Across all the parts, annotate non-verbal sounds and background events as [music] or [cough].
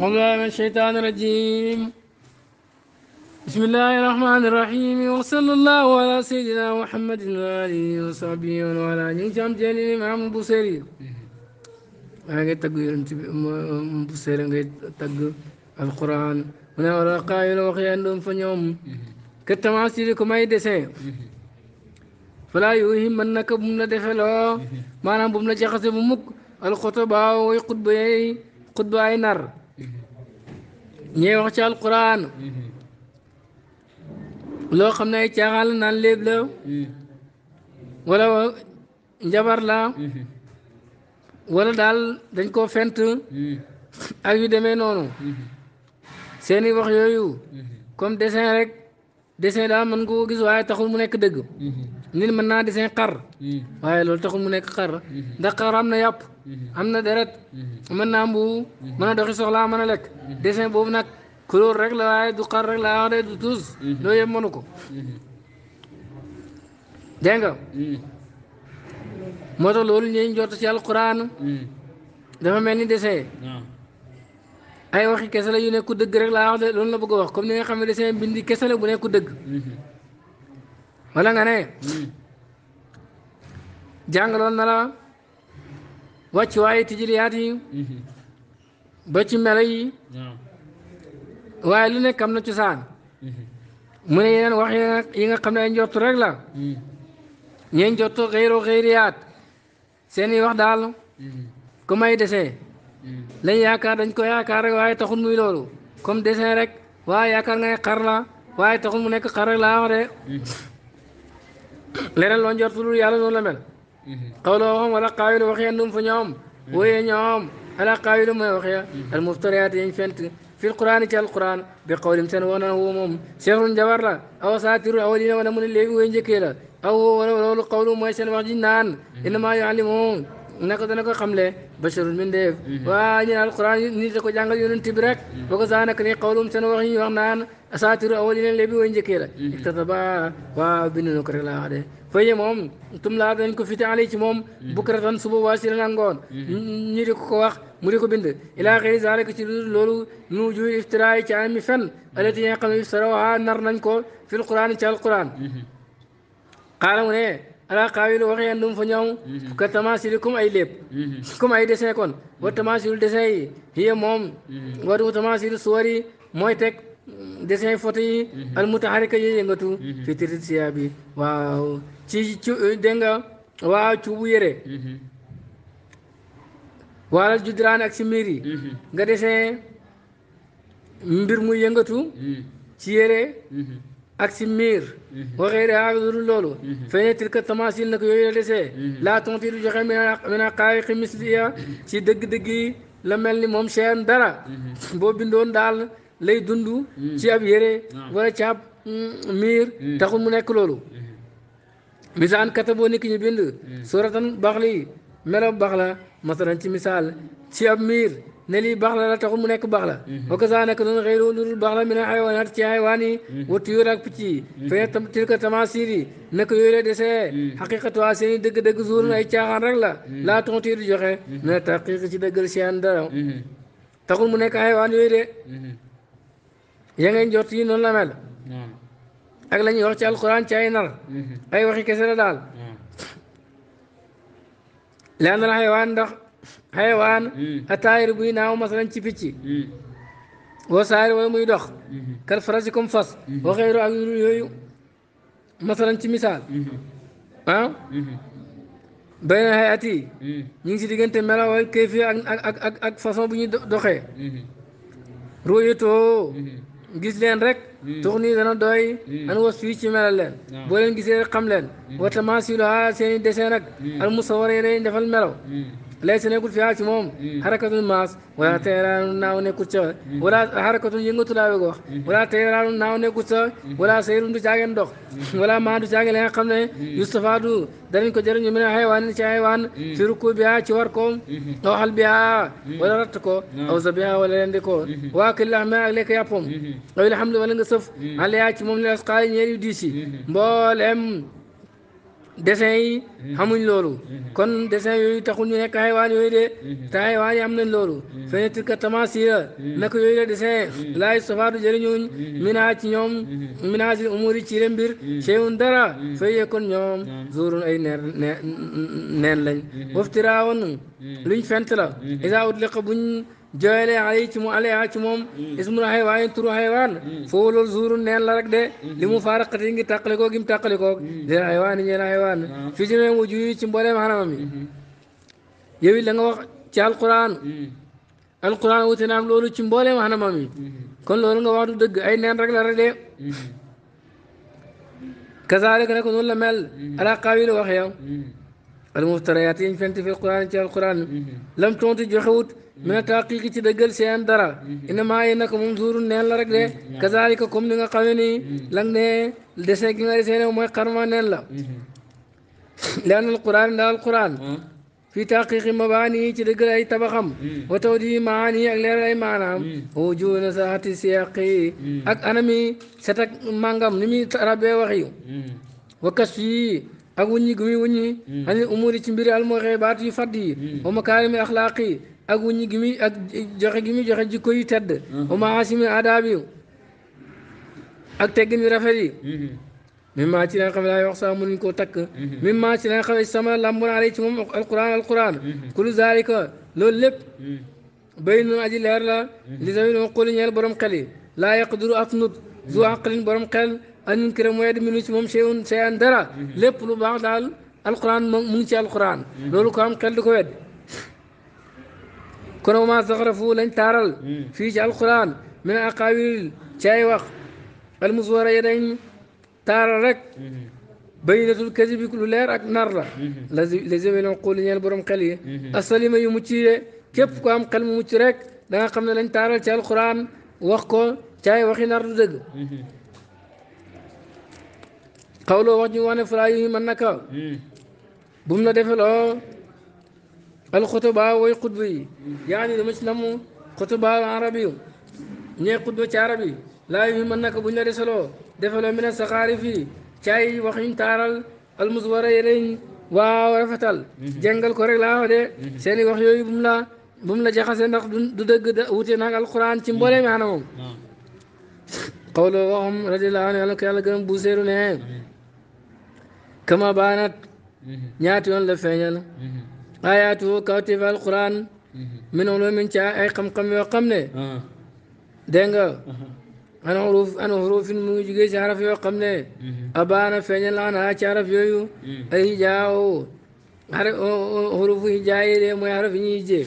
أعوذ بالله من الشيطان الرجيم بسم الله الرحمن الرحيم وصلى الله على سيدنا محمد وآله وصحبه وعلى آله جام جليل إمام البصيري أنا قلت تقول أنت البصيري قلت تقول القرآن هنا ولا قائل وقيان فنيوم كالتماثيلكم أي دسين فلا يهمنك بمنا دفلو ما نعم بمنا جخص بمك الخطباء ويقض بي قض بأي نار ñee wax ci alquran loo xam ne ay caaxaan la naan léeb la wala njabar la wala daal dañ koo fent ak yu demee noonu seeni wax yooyu comme dessin rek dessin daa mën nga gis waaye taxul mu nekk dëgg mm-hmm. nit mën naa dessin xar mm-hmm. waaye loolu taxul mu nekk xar mm-hmm. ndax xar am na yàpp am na deret mën naa mbubu mën doxi soxlaa mën a lekk dessin boobu nag couleur rek la waaye du xar rek la wax de du tuus loolu yëpp mënu ko dégg nga moo tax loolu ñuy njort ci alquran dafa mel ni dessin ay waxi kese la yu nekku dëgg rek laa wax de loolu la bëgg a wax comme ni nga xam ne dessin bindi kese la bu nekku dëgg mm-hmm. wala nga ne mm-hmm. jàngaloon na la wàcc waaye tijiliyaat yi mm-hmm. ba ci melo yi waaye lu nekk am na cosaan mu ne yeneen wax yi nga xam ne ay njortu rek la ñeen njortu xëyroo xëyriyaat seen i wax daal comme ay dessin Hmm. lañ yaakaar dañ ko yaakaar rek waaye taxul muy loolu comme dessin rek waaye yaakaar nga ne xar la waaye taxul mu nekk xar rek laa wax de hmm. leneen loo njortu dul yàlla noonu la mel xawloo hmm. xam wala xaawilu wax ya ndum fa ñoom wooyee ñoom ala xaawilu mooy wax ya al muftariyaat yañ fent fi alquran ci alquran bi qawlim seen wax naan woo moom seexul njabar la aw saatiru awalina wala mu ne léegi wooy njëkkee la aw woo wala loolu xawlu mooy seen wax ji naan innamaa yuallimuhu naka dana ko xamle basharun mindeef mhm. waa ñu ne alquran nit da ko jàngal yonent bi rek ba mhm. ko zaanak ni xawlum seen wax naan asaatiru awal yi leen lébi way njëkkee la mhm. iktataba waa bindu na ko rek laa wax de faye moom tum laa dañ ko fite ale ci moom bukratan suba waa si la ngoon ñu di ko ko wax mu di ko bind ilaa xëy zaalika ci loolu nu juy iftiraay ci anami fen alati nga xam ne iftarawa nar nañ ko fi quran ci alquran xaala mu ala xaawil waxi en dum fa ñoom mhm. ka tamaasili comme ay lépp comme ay dessin kon wa mhm. tamaasilu dessin yi hiya moom mhm. wadu tamaasilu suwari mooy teg dessin photo yi al mutaharika yi yëngatu fi tirit bi waaw ci ci waaw cuubu yére wala judraan ak si nga dessin mbir mu yëngatu ci yére ak ci miir waxee de haa dul loolu feneen tilka tamasil nag yooyu la desee laa tonti du joxe min a xaayi ximis ya si dëgg-dëgg la mel ni moom seen dara boo bindoon daal lay dund ci ab yére wala ci ab mm, miir taxul mu nekk loolu misaan kata boo nit ki ñu bind mm. suratan baxli melo bax la masalan ci misaal ci ab miir ne lii baax la la taxul mu nekk baax la wakka saa nekk noonu xëy loolu dul baax la mi ne xayawaanaat ci xayawaan yi mhm. wattu yóor ak picc yi mhm. fene tilka tamaasiir yi naka yooyu la desee mhm. xaqiqatuwaa seen i dëgg-dëgg zuurun ay caaxaan rek la laa tontu du joxe ne taqiq ci dëggal seen dara taxul mu nekk xayawaan yooyu de ya ngeen jot yi noonu la mel ak la ñuy wax ci alquran ci ay nar ay waxi kese la daal laan na xayawaan ndax xayawaan hmm. ataayir buy naaw masalan ci picc hmm. wa saari wala muy dox hmm. kal farasi comme fas wa xeyru ak yurul masalan ci misaal ah bay na xay ngi si diggante melaw ak kayfi ak ak bu ñuy doxee royetoo gis leen rek tux nii dana doy an was fii ci melal leen boo leen gisee rek xam leen wa tamaasiluha seen i dessin ak al musawara yi defal melaw laysa nekkul fi ci moom xarakatun mm. mm. maas wala mm. tayraanu naaw nekkul ca wala xarakatun yëngatu ca wala dox wala maa du caageen la nga xam ne Yustafa du danañ ko jëriñu mine xaywaan ci xaywaan fi rukku biha ci war koom mm-hmm. aw xal biha wala ratt ko aw zabiha wala lendi ko mm-hmm. waa kil laxme ak lekk yàppoom mm-hmm. aw ilhamdu wala nga sëf xale yaa ci moom ne asqaali ñeer yu diisi mboolem dessin yi mhm. xamuñ loolu mhm. kon dessin yooyu taxul ñu nekk xaywaan yooyu de mhm. te xaywaan yi am nañ loolu fene tika tamasira naka yooyu la dessin laay sofaatu jëriñuñ minaa ci ñoom minaa ci umuri ci mbir cheyun dara fay kon ñoom zuurun ay neen neen lañ waftiraawoon luñ fent la isa utliqa buñ jooyle alay ci mu alaya ci moom hmm. ismul xaywaan turu xaywaan foofu hmm. loolu zuuru neen la rek de hmm. li mu faaraqati ngi tàqalikoo gim tàqalikoo leen xaywaan yi ñeen ah. fii ci même yi ci yow it la nga wax ci alquran alquran wute naam loolu ci mbooleem xanamam kon loolu nga wax dëgg ay neen rek la rek de kazaalika nag noonu la mel ala qaawil wax yow al muftariyaat yiñ fenti fi alquran ci alquran lam tontu joxewut mën a taqiqi ci dëggal seen dara inamaa yi naka moom suuru neen la rek de kazalika comme ni nga xamee lang ne dessin gi nga desee mooy xarma neen la leen al quran ndaal quran fii taqiqi mabaani yi ci dëggal ay tabaxam wa taw maani ak leeral ay maanaam wujuna saati siyaqi ak anami setak màngam ni muy rabee wax yu wakas ak wuññi gu muy wuññi umuri ci mbiri almoxee baat yu fadd yi wa makaarimi axlaaq ak wuññi gi muy ak joxe gi muy joxe jikko yu tedd uma asimi adaab yi ak teggin yu rafet yi même maa ci la nga xam ne daal yoo xam ne mënuñ koo takk. même maa ci la nga xam ne sama lambonaare ci moom alquran alquran. kulu zaalika loolu lépp. béy aji leer la. li tamit moom xooli borom xel yi. laa yaqduru zu aqlin borom xel. an yunkira mooy di minu ci moom shay'un shay'an dara. lépp lu baax daal alquran mu ngi ci alquran. loolu ko am xel du ko wedd. كنوا ما زغرفوا لن تارل في جعل القرآن من أقاويل جاي وق المزورة يدين تاررك بين الكذب كل لير أك نار لازم لازم نقول إن البرم قلي أصلي ما يمشي كيف قام قلم مشرك لا قمنا لن تارل جعل القرآن وقو جاي وق نار دق قولوا وجوان فرايهم أنك بمنا دفلوا alxutba way xutba yi yaani dama ci namm xutba arab yi ci arab yi laa yu mën naka buñ la desaloo defaloo mi ne fi fii caay wax yuñ taaral almus war a yëreñ waaw rafetal ko rek laa wax seeni wax yooyu bu la jaxase ndax du dëgg wute naag alquran ci mbooleem anamam qawloo waxam radiallahu anhu yàlla ko yàlla bu seeru kama baanat ñaati yoon feeñal آياته كاتب القرآن من علوم من شيء قم قم يقم نه آه. دينغ آه. أنا حروف أنا حروف في الموج جي شعر في يقم نه أنا فين لا أنا شعر في يو أي جاو هر حروف في جاي ده ما يعرف يجي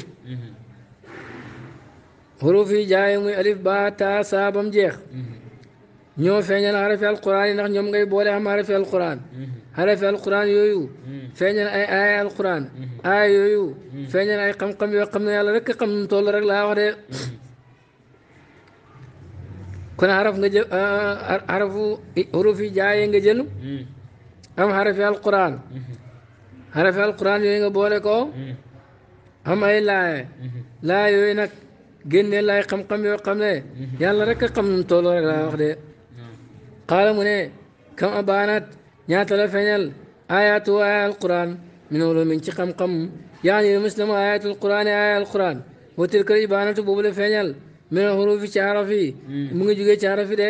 حروف في جاي مو ألف با تا سابم جيخ نيو فين لا عرف القرآن نخ نيوم جاي بوله ما عرف القرآن هل في القرآن يو فين اي اي القرآن اي يو فين اي قم قم يقم يلا رك قم تول رك لا ورد كنا عرف نجا عرفوا حروف جاي نجل أم حرف القرآن حرف القرآن يو بولكو هم أي لا لا يو نك جن لا قم قم يقم يلا رك قم تول رك لا ورد نعم. قال من كم أبانت ñaata la feeñal ayatu aya alquran min wala min ci xam-xam yaani muslim ayatu alquran aya alquran wa tilka ibanatu boobu la feeñal min hurufi ci araf yi mu ngi jugee ci araf yi de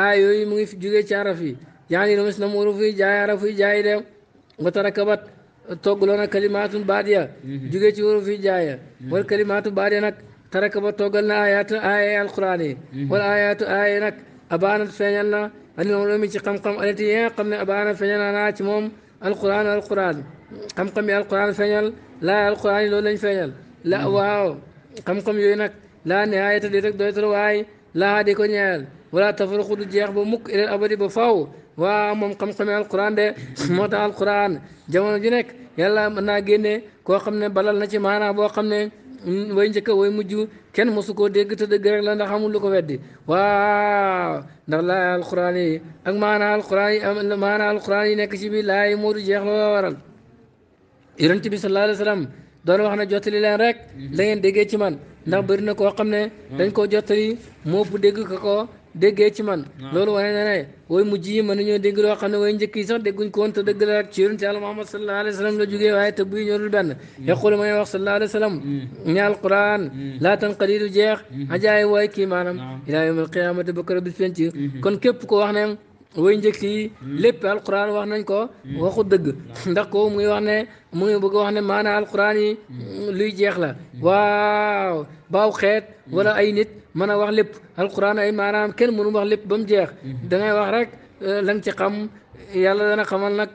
aay yooyu mu ngi jugee ci araf yi yaani muslim huruf yi jaay araf yi jaay de wa tarakabat toggaloona kalimaatun baadiya jugee ci huruf yi jaaya wal kalimaatu baadiya nag tarakabat toggal na ayatu aya alquran yi wal ayatu aya nag abaanat feeñal na العلوم قم قم التي قم أبانا فنيل أنا تموم القرآن القرآن قم قم القرآن فنيل لا القرآن لولا فنيل لا واو قم قم ينك لا نهاية ديتك دويتر واي لا هادي كنيل ولا تفرق الجيخ بمك إلى الأبد بفاو waaw moom xam-xamee alquran de moo alquran jamono ju nekk yàlla mën naa génne koo xam balal na ci maanaa boo xam Mm, way njëkk way mujj kenn mosu koo dégg te dëgg rek la ndax xamul lu ko weddi waa ndax laay alquran yi ak maanaa alquran yi maanaa alquran yi nekk ci biir laay moo du jeex loo waral yonent bi sallallahu alayhi wa sallam doon wax na jottali leen rek la ngeen déggee ci man ndax bëri na koo xam ne dañ koo jottali moo ëpp dégg ko déggee ci man loolu wane na ne wooy mujj yi mën nañoo dégg loo xam ne wooy njëkk yi sax dégguñ ko woon te dëgg la ci yonent Yàlla Muhammad sallallahu alayhi wa sallam la jógee waaye te buy ñorul benn hmm. yaqulu ma wax sallallahu alayhi wa sallam hmm. ña hmm. laa tanqadi du jeex ajaay waay kii maanaam ilaa yawmal qiyaamati ba kër bis penc kon képp ko wax ne way njëkk yi lépp alquran wax nañ ko waxu dëgg ndax ko muy wax ne mu ngi bëgg wax ne maanaa alquran yi luy jeex la waaw baaw xeet wala ay nit mën a wax lépp alquran ay maanaam kenn mënu wax lépp ba mu jeex dangay wax rek eh, la nga ci xam yàlla dana xamal nag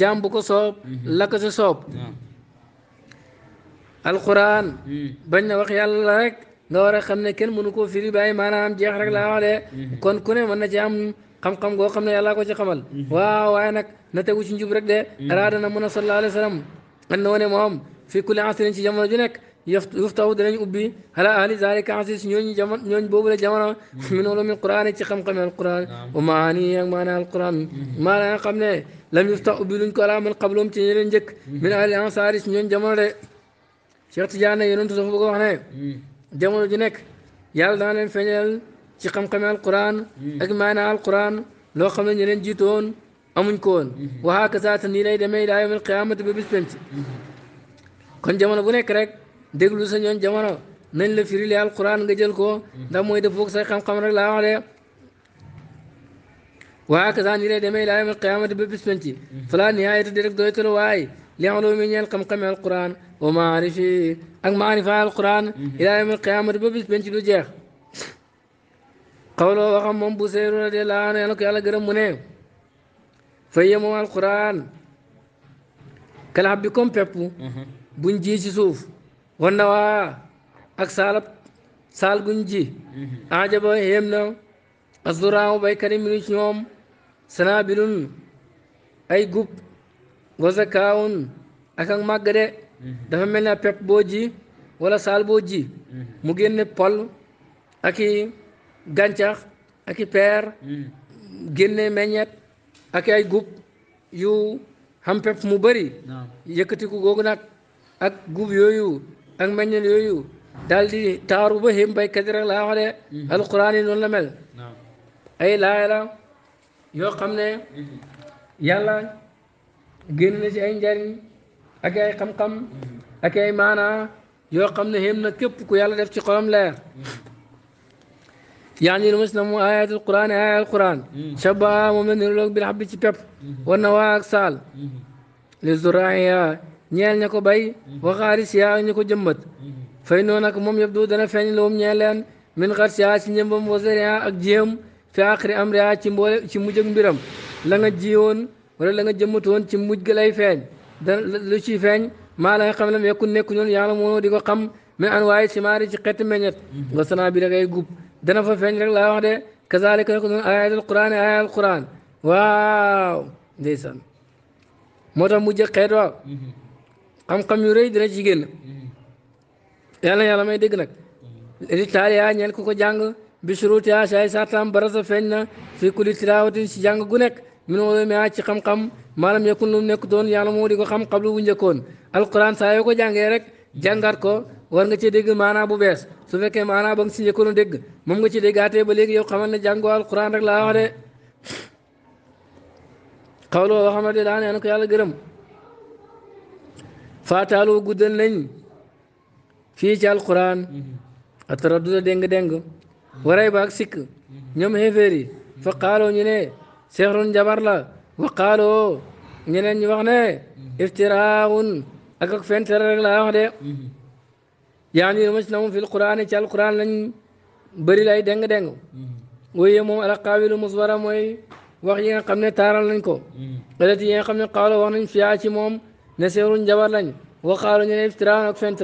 jaam bu ko soob la ko si soob bañ na wax yàlla la rek nga war xam ne kenn mënu koo firi bàyyi maanaam jeex rek laa wax de kon ku ne na ci xam-xam goo xam ne yàllaa ko ci xamal waaw waaye nag na tegu ci njub rek de araada na mun a sallallahu alayhi wa sallam an na wone moom fi kulli asrin ci jamono ju nekk yuftahu dinañ ubbi ala ahli zalika asri si ñooñu jamono ñooñu boobu la jamono min ulumil quran ci xam-xame alquran wa maani ak maana alquran maana nga xam ne lam yuftahu ubbi luñ ko ala man qablum ci ñeneen njëkk min ahli ansari si ñooñu jamono de Cheikh Tidiane yonentu dafa bëgg wax ne jamono ju nekk yàlla dana leen feeñal ci xam-xame alquran ak maanaa alquran loo xam ne ñeneen jiitu woon amuñ ko woon waxaa kasaata nii lay demee daa yawmal qiyaamati ba bis penc kon jamono bu nekk rek déglu sa ñoon jamono nañ la firil alquran nga jël ko ndax mooy def foog say xam-xam rek laa wax de waxaa kasaa nii lay demee daa yawmal qiyaamati ba bis penc falaa nihaayata di rek doytalu waay li xaloo mi ñeel xam-xame alquran wa maarifi ak maarifa alquran ilaa yawmal qiyaamati ba bis penc du jeex xawloo waxam moom bu seeru radiyallaahu anhu yàlla ko yàlla gërëm mu ne fa yee moom alquran kalaab bi comme pepp buñ ji ci suuf wan waa ak saalab saal guñ ji ajaba xéem na asduraamu baykat yi minu ci ñoom sanaabilun ay gub wasakaawun ak ak màgg de dafa mel ne pepp boo ji wala saal boo ji mu génne pol ak gàncax ak i peer hmm. génne meññet ak ay gub yu xam pepp mu bari yëkkatiku googu nag ak gub yooyu ak meññet yooyu daal di taaru ba xim baykat yi rek laa wax de hmm. alquran yi noonu la mel ay laaya la yoo xam ne hmm. yàlla génn na ci ay njariñ ak ay xam-xam ak ay maanaa yoo xam ne xim na képp ku yàlla def ci xolam leer يعني المسلم آيات القرآن آية القرآن شبه مؤمن الوقت بالحبة تبيب والنواق سال للزراع يا نيال نكو باي وغارس يا نكو جمد فإنو نكو مم يبدو دنا فين لهم نيالان من غرس يا سنجمبم وزر يا أجيهم في آخر أمر يا تموجم برم لنا جيون ولا لنا جمتون تموج غلاي فين لشي فين ما لا يقبل يكون نكو نون يعلمونو ديكو قم من أنواع سماري جقيت منيت غسنا بيرا غي dana fa feeñ rek laa wax de kazalika nako noonu ayat alquran ayat alquran waaw ndeysaan moo tax mujj xeet waaw xam-xam yu rëy dina ci génn yàlla yàlla may dégg nag li taaliya ñeen ku ko jàng bi surutia say satam barasa feeñ na fi kulli tilaawatin si jàng gu nekk min wala ci xam-xam maanaam yakun lu nekk doon yàlla moo di ko xam xablu bu njëkkoon alquran saa yoo ko jàngee rek jàngaat ko war nga cee dégg maanaa bu bees su fekkee maanaa ba si njëkkoon dégg moom nga ci déggaatee ba léegi yow xamal ne jàngoo alquran rek laa wax de xawlu woo xam ne daa ne ko yàlla gërëm faataalu guddal nañ fii ci alquran mm-hmm. ataraduda déng-déng waray baak sikk mm-hmm. ñoom xéeféer mm-hmm. fa xaaloo ñu ne seexrun la wa xaaloo ñeneen wax ne iftiraahun ak ak fentere rek laa wax de يعني المسلمون في القرآن كان القرآن لن بري لاي دنگ دنگ وي موم على قابل مزورا موي وخي نغا خامني تارا لن كو التي نغا خامني قالو وخ نن فيا موم نسير جبر لن وقالو ني افتراء اك فنت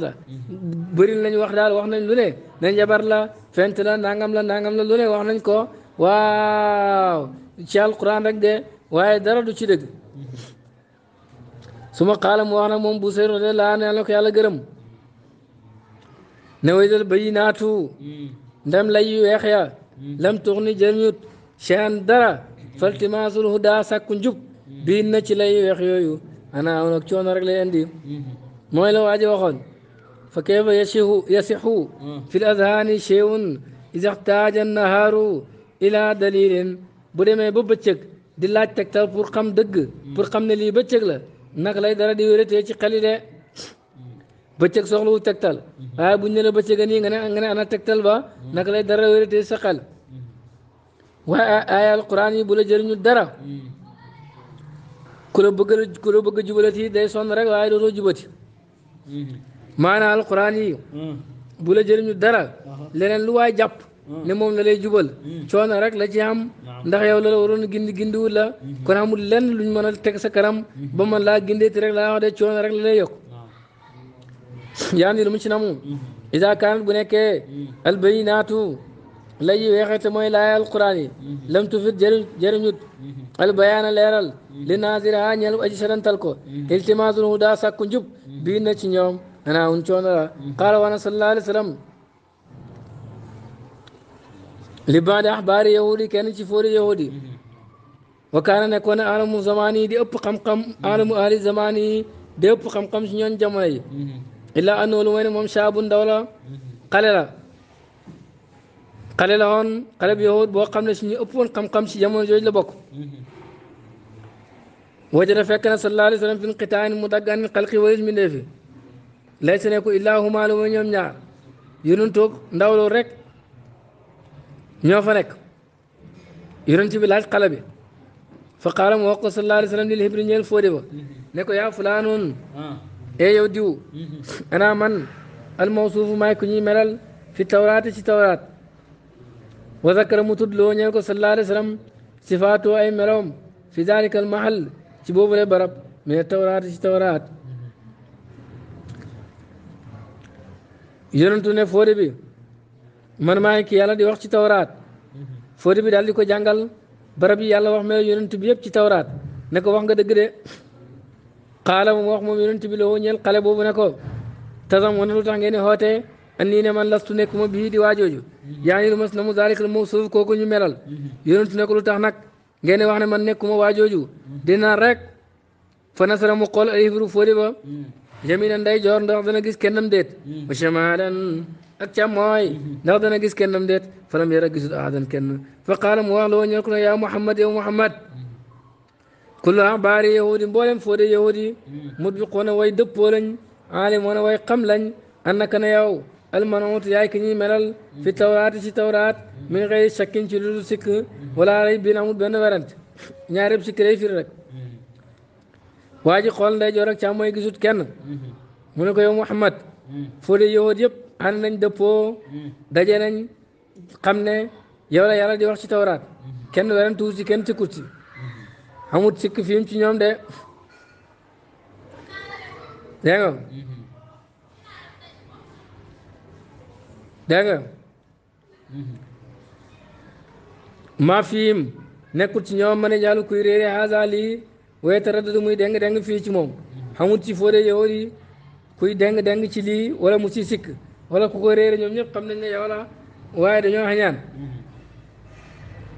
بري لن وخ دال وخ نن لولي نن جبر لا فنت لا نانغام لا نانغام لا لولي وخ نن واو تي القرآن رك دي واي دارا دو تي دغ قال مو موم بوسير لا نالو كيالا گرم ne waydal bayi naatu hmm. ndem lay yu weex ya hmm. lam tux ni jëriñut chan dara hmm. faltimaasul huda sàkku njub biin na ci lay yu weex yooyu ana aw nag coono lay indi mooy la waaji waxoon fa kayfa yasihu yasixu fi l azhaani cheyun isaxtaaja nahaaru ila dalilin bu demee ba bëccëg di laaj tegtal pour xam dëgg pour xam ne lii bëccëg la naka lay dara di ci xel de bëccëg soxlawul tegtal mhm. waaye bu ñu ne la bëccëg nii nga ne nga ne ana tegtal ba mhm. naka lay dara wératee sa xel mhm. waaye ay alquran yi bu la jëriñu dara bëgg ku la day sonn rek waaye dootoo jubati maanaam alquran dara uh-huh. leneen lu waaye jàpp ne moom la lay jubal coono rek la ci am ndax yow la waroon gindi gindiwul la kon amul lenn luñ mën a teg sa karam ba man laa gindeeti rek laa wax de coono rek la lay yokk [laughs] yaa ngi mu ci namu mm-hmm. isa kaanat bu nekkee mm-hmm. albayinaatu weexete mooy laay alquran yi mm-hmm. lam tufit jëriñ jëriñut albayaana li naazira ha ñel aji setantal ko iltimaasul huda sàkku njub bii na ci ñoom wa sallam li baadi axbaari yahudi kenn ci fóori yahudi wa kaana nekkoon alamu zamaani di ëpp xam-xam alamu ahli zamaani di ëpp xam-xam ci ñoon jamono yi إلا أنه لوين مم شاب دولة قليلا قليلا هون قلب يهود بو قمنا شني أبون قم قم شي يمون جوج لبوك وجد فكنا صلى الله عليه وسلم في انقطاع المدقان القلق ويز من دفي ليس نكو إلا هما لوين يوم نعر يرون توك ندولو رك ñoo يرون تبي لاش قلبي laaj موقع صلى الله عليه وسلم للهبرين ko sallallahu نكو يا فلانون lil آه. e yow diw mhm. ana man almawsuufu maay ku ñuy melal fi tawraati ci tawraat wa zakara mu loo ñeel ko sallallahu alayhi wa sifaatu ay melawam fi dalika al mahal ci boobule barab mais tawraati ci tawraat yonentu ne foode bi man maay ki yàlla di wax ci tawraat mhm. foode bi daal di ko jàngal barab yàlla wax mel yonent bi yëpp ci tawraat ne ko wax nga dëgg de قال مو مخ مو يونت بي لو نيل خالي بوبو نكو تزام ون لو تانغي ني هوتي اني ني مان لاستو نيكوما بي دي واجوجو يعني المسلم ذلك الموصوف كوكو ني ميرال يونت نكو لو تخ نك غي ني واخ ني مان نيكوما واجوجو دينا ريك فنصر مقول اي برو فوري با يمين انداي جور ندا دنا غيس كنم ديت وشمالن اك تشاموي ندا دنا غيس كنم ديت فلم يرا غيس ادن كن فقال مو لو نيل يا محمد يا محمد kullu an baari yahudi mboolem fóode yahudi mutbiquuna way dëppoo lañ aalimuuna way xam lañ annaka na yow almanawut yaay ki ñuy melal fi tawraati ci tawraat min xëy shakkin ci lu sikk wala lay biin amul benn werante ñaareb sikk lay firi rek waa ji xool nday joor ak càmm mooy gisut kenn mu ne ko yow Muhammad fóode yahudi yëpp ànd nañ dëppoo daje nañ xam ne yow la yàlla di wax ci tawraat kenn werantuwu si kenn sikkut si amut sikk fiim ci ñoom de dégg nga dégg nga maa fiim nekkul ci ñoom mën a kuy réere xaasa lii waaye taraddadu muy deng deng fii ci moom xamut ci fóode yow yi kuy deng deng ci lii wala mu ci sikk wala ku ko ñoom ñëpp xam nañ ne yow la waaye dañoo xañaan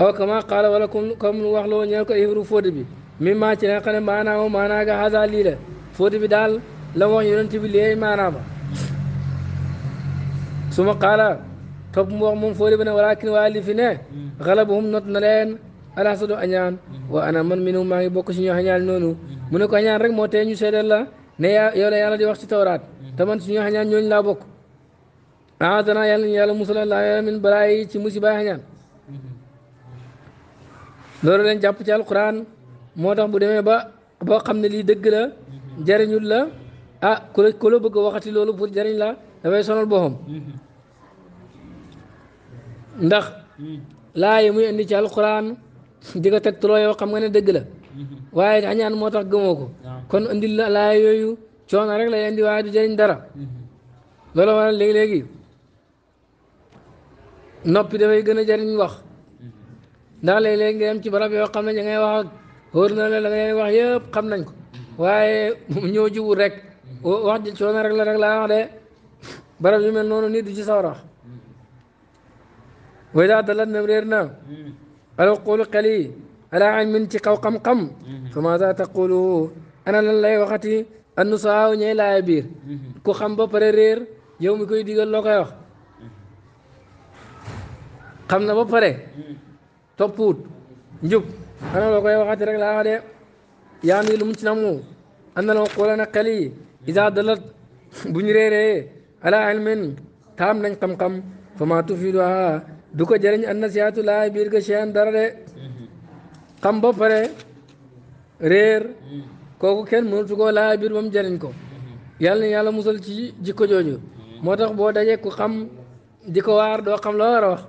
aw kama qaala wala comme comme wax loo ñeel ko ihru fóote bi mi maa ci nga xam ne maanaam maanaa ga xasa lii la fóote bi daal la wax yonent bi léey maanaa ma su ma qaala topp mu wax moom fóote bi ne walakin waa li fi ne xalabuhum not na leen alxasadu añaan wa ana man minum maa ngi bokk ci ñoo xañaan noonu mu ne ko añaan rek moo tee ñu seedeel la ne yow la yàlla di wax ci tawraat te man suñu xañaan ñooñu laa bokk aadana yàlla ñu yàlla musal laa loolu lañ jàpp ci alquran moo tax bu demee ba boo xam ne lii dëgg la jariñul la ah ku la ku la bëgg a waxati loolu pour jariñ la dafay sonal boppam ndax laa yi muy indi ci alquran di ko teg tuloo yoo xam nga ne dëgg la waaye añaan moo tax gëmoo ko kon indi la laa yooyu coono rek lay indi waaye du jariñ dara loolu waral léegi-léegi noppi dafay gën a jariñ wax ndax léeg-léeg nga yem ci barab yoo xam ne ña ngay wax ak xóor na la la ngay wax yëpp xam nañ ko waaye ñoo jiwul rek wax ji coono rek la rek laa wax de barab yu mel noonu nit du ci sawar wax way daa dalat nam réer na alaqulu xel yi alaa añ min ci kaw xam-xam fa maasa taqulu ana lan lay waxati annu saaw ñey laaya biir ku xam ba pare réer yow mi koy digal loo koy wax xam na ba pare toppuut njub ana loo koy waxati rek laa wax de yaa ngi lu mu ci namu an na loo xoolee na dalat [laughs] bu ñu réeree ala taam nañ xam-xam fa maa tufiiduhaa du ko jëriñ an nasihaatu laa biir ga cheyan dara de xam ba pare réer kooku kenn mënatu koo laa biir ba mu jëriñ ko yàlla na yàlla musal ci jikko jooju moo tax boo dajee ku xam di ko waar doo xam loo war wax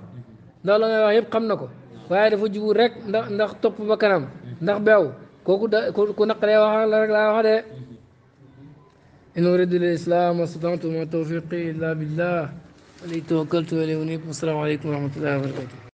ndax la ngay wax yëpp xam na ko waaye dafa jubul rek ndax ndax topp ba kanam ndax beew kooku da ku naqaree wax la rek laa wax de in uridu lil islam mastata'tu ma tawfiqi illa billah alayhi tawakkaltu wa ilayhi unib assalaamu aleykum wa rahmatullahi wa barakatuh